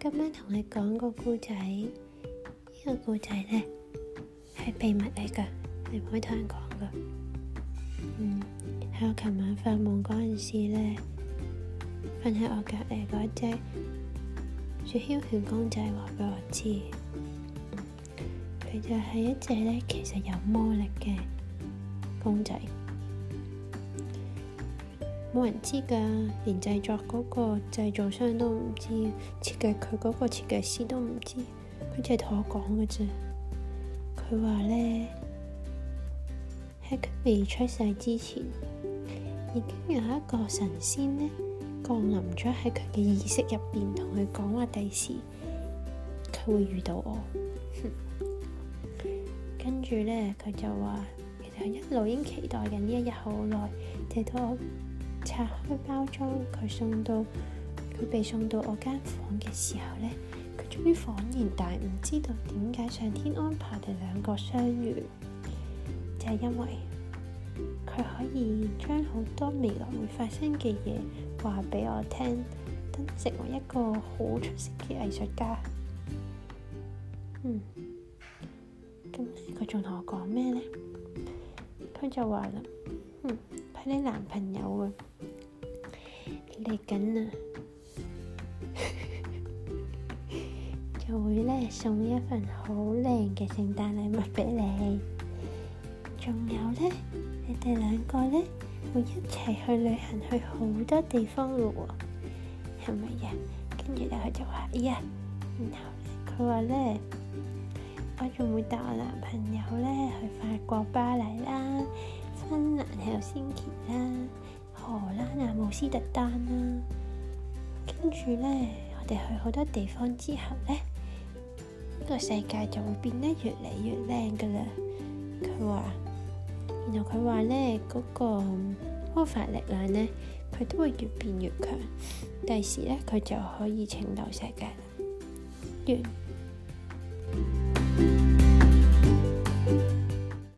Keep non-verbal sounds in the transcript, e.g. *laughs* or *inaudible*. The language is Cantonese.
今晚同你講個故仔，呢個故仔呢，係秘密嚟㗎，你唔可以同人講㗎。嗯，喺我琴晚發夢嗰陣時呢，瞓喺我隔離嗰隻雪橇犬公仔話畀我知，佢、嗯、就係一隻呢，其實有魔力嘅公仔。冇人知㗎，連製作嗰個製造商都唔知，設計佢嗰個設計師都唔知，佢淨係同我講㗎啫。佢話呢，喺佢未出世之前，已經有一個神仙呢降臨咗喺佢嘅意識入邊，同佢講話第時佢會遇到我。哼，跟住呢，佢就話：其實佢一路已經期待緊呢一日好耐，亦到。好。拆開包裝，佢送到佢被送到我間房嘅時候呢，佢終於恍然大悟，唔知道點解上天安排哋兩個相遇，就係因為佢可以將好多未來會發生嘅嘢話俾我聽，等成為一個好出色嘅藝術家。嗯，咁佢仲同我講咩呢？佢就話啦，嗯，係你男朋友啊。嚟緊啊！ *laughs* 就會咧送一份好靚嘅聖誕禮物俾你，仲有咧，你哋兩個咧會一齊去旅行去好多地方嘅喎，哦，係咪呀？跟住佢就話哎呀，然後咧佢話咧，我仲會帶我男朋友咧去法國巴黎啦，芬蘭又有先期啦。荷蘭啊，姆斯特丹啦、啊，跟住咧，我哋去好多地方之後咧，呢、這個世界就會變得越嚟越靚噶啦。佢話，然後佢話咧，嗰、那個魔法力量咧，佢都會越變越強，第時咧佢就可以拯救世界。完。